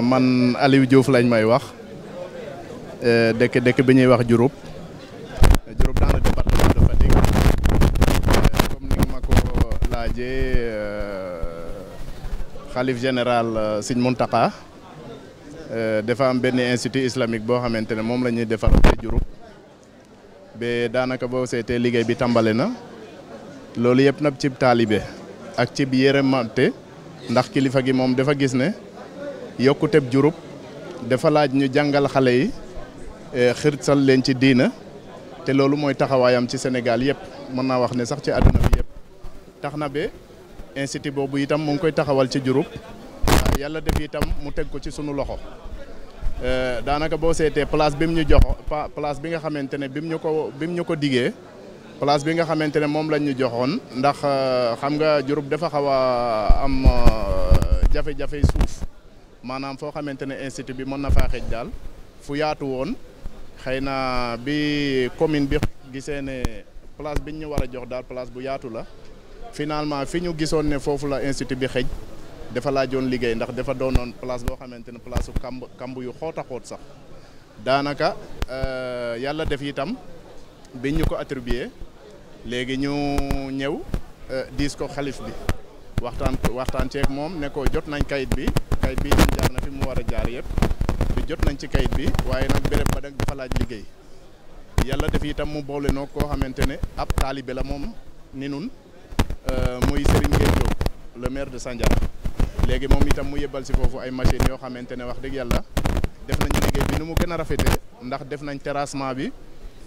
man Aliou Diouf lañ may wax eh, dëkk dëkk bi ñuy wax Diouroup eh, Diouroup dans le département de eh, ko laajee xalif général Sëñ Mountakha dafa am benn institut islamique boo xamante ne moom la ñuy defar ci Diouroup ba daanaka boo seetee liggéey bi tàmbale na loolu yëpp nag cib taalibe ak cib yërëmante ndax kilifa gi moom dafa gis ne yokkuteb jurub dafa laaj ñu jàngal xale yi eh, xirtal leen ci diina te loolu mooy taxawaayam ci Sénégal yëpp mën naa wax ne sax ci àdduna bi yëpp tax na ba institut boobu itam mu ngi koy taxawal ci jurub yàlla def itam mu teg ko ci sunu loxo eh, daanaka boo seetee place bi mu ñu jox place bi nga xamante ne bi mu ñu ko bi mu ñu ko bi nga xamante ne moom lañ ñu joxoon ndax eh, xam nga jurub dafa xaw a am jafe-jafe suuf maanaam foo xamante ne institut bi mën na faa xëj daal fu yaatu woon xëy na bi commune bi gisee ne place biñ ñu war a jox daal place bu yaatu la finalement fi ñu gisoon ne foofu la institut bi xëj dafa laajoon liggéey ndax dafa doonoon place boo xamante ne place su kamb yu xóot a xóot sax daanaka euh, yàlla def itam biñ ñu ko attribué léegi ñu ñëw euh, diis ko xalif bi. waxtaan waxtaan moom ne jot nañ kayit bi kayit bi itam jaar na fi mu war a jaar yëpp bi jot nañ ci kayit bi waaye nag béréb ba dagg dafa laaj liggéey yàlla def itam mu boole noog koo xamante ne ab taalibe la moom ni nun euh, muy Serigne Gueye Diop le maire de Sandiara léegi moom itam mu yebal si foofu ay machines yoo xamante ne wax dëgg yàlla def nañ liggéey bi nu mu gën a rafete ndax def nañ terrassement bi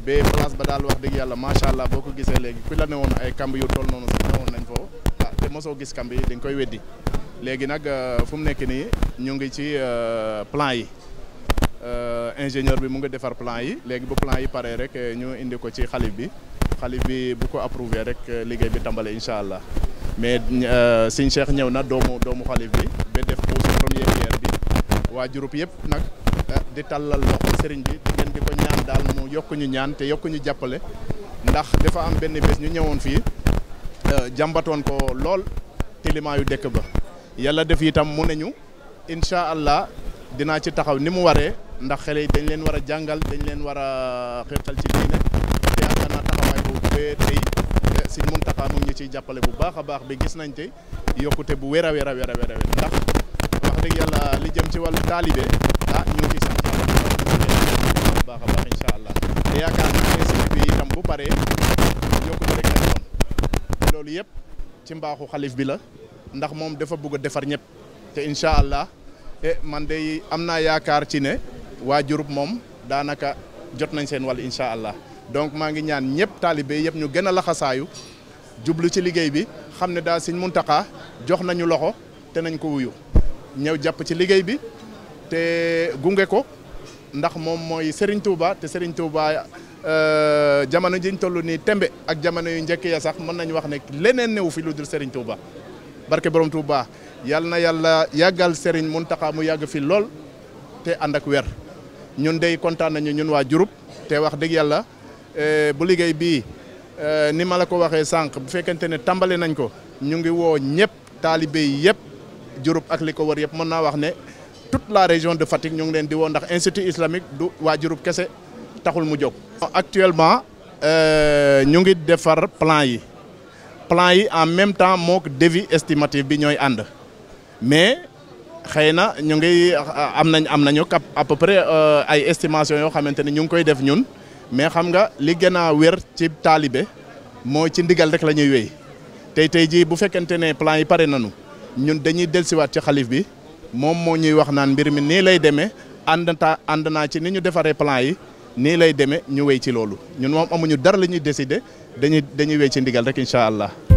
ba place ba daal wax dëgg yàlla macha allah boo ko gisee léegi ku la woon ay kamb yu toll noonu sax mosoo gis kamb yi dañ koy weddi léegi nag euh, fu mu nekk nii ñu ngi ci euh, plan yi euh, ingénieur bi mu ngi defar plan yi léegi bu plan yi paree rek ñu indi ko ci xalif bi xalif bi bu ko approuvé rek liggéey bi tàmbale incha allah mais Sëñ Cheikh ñëw na doomu doomu xalif bi ba def pose première pierre bi waa Diouroup yëpp nag di tàllal loxo sëriñ bi ngeen di ko ñaan daal mu yokkuñu ñu ñaan te yokk jàppale ndax dafa am benn bés ñu ñëwoon fii Euh, jàmbatoon ko lool tilimaayu dëkk ba yàlla def itam mu ne ñu incha allah dinaa ci taxaw ni mu waree ndax xale yi dañ leen war a jàngal dañ leen war a euh, xirtal ci diine te yaakaar naa taxawaay boobu ba tey Sëñ Muntaxa mu ngi ciy jàppale bu baax a baax bi gis nañ te yokkute bu wér a wér a wér ndax wax dëgg yàlla li jëm ci wàllu taalibe ah ñu ngi ci mbaaxu xalif bi la ndax moom dafa bëgg defar ñëpp te incha allah e man de am naa yaakaar ci ne waa Diouroup moom daanaka jot nañ seen wàll incha allah donc maa ngi ñaan ñëpp taalibe yëpp ñu gën a laxasaayu jublu ci liggéey bi xam ne daal Sëñ Muntaxa jox nañu loxo te nañ ko wuyu ñëw jàpp ci liggéey bi te gunge ko ndax moom mooy Serigne Touba te Serigne Touba Euh, jamono jiñ toll nii tembe ak jamono yu njëkk ya sax mën nañu wax ne leneen newu fi lu dul Serigne Touba barke borom Touba yal na yàlla yàggal Serigne Mountakha mu yàgg fi lool te ànd ak weer ñun day kontaan nañu ñun waa Diouroup te wax dëgg yàlla euh, bu liggéey bii euh, ni ma la ko waxee sànq bu fekkente ne tàmbale nañ ko ñu ngi woo ñëpp taalibe yi yëpp Diouroup ak li ko wër yëpp mën naa wax ne toute la région de Fatick ñu ngi leen di woo ndax institut islamique du waa Diouroup kese. taxul mu jog actuellement euh ñu ngi défar plan yi plan yi en même temps mook devis estimatif bi ñoy ànd mais xeyna ñu ngi am nañ am nañu à peu près euh, ay estimation yo xamante ñu ngi koy def ñun mais xam nga li gëna wër ci talibé mooy ci ndigal rek lañuy wéy tay tay ji bu fekkente ne plan yi paré nañu ñun dañuy delsi wat ci xalif bi mom mo ñuy wax naan mbir mi nii lay démé ànd ta ci ni ñu défaré plan yi. nii lay demee ñu wey ci loolu ñun moom amuñu dara la ñuy décider dañuy dañuy wéy ci ndigal rek incha allah.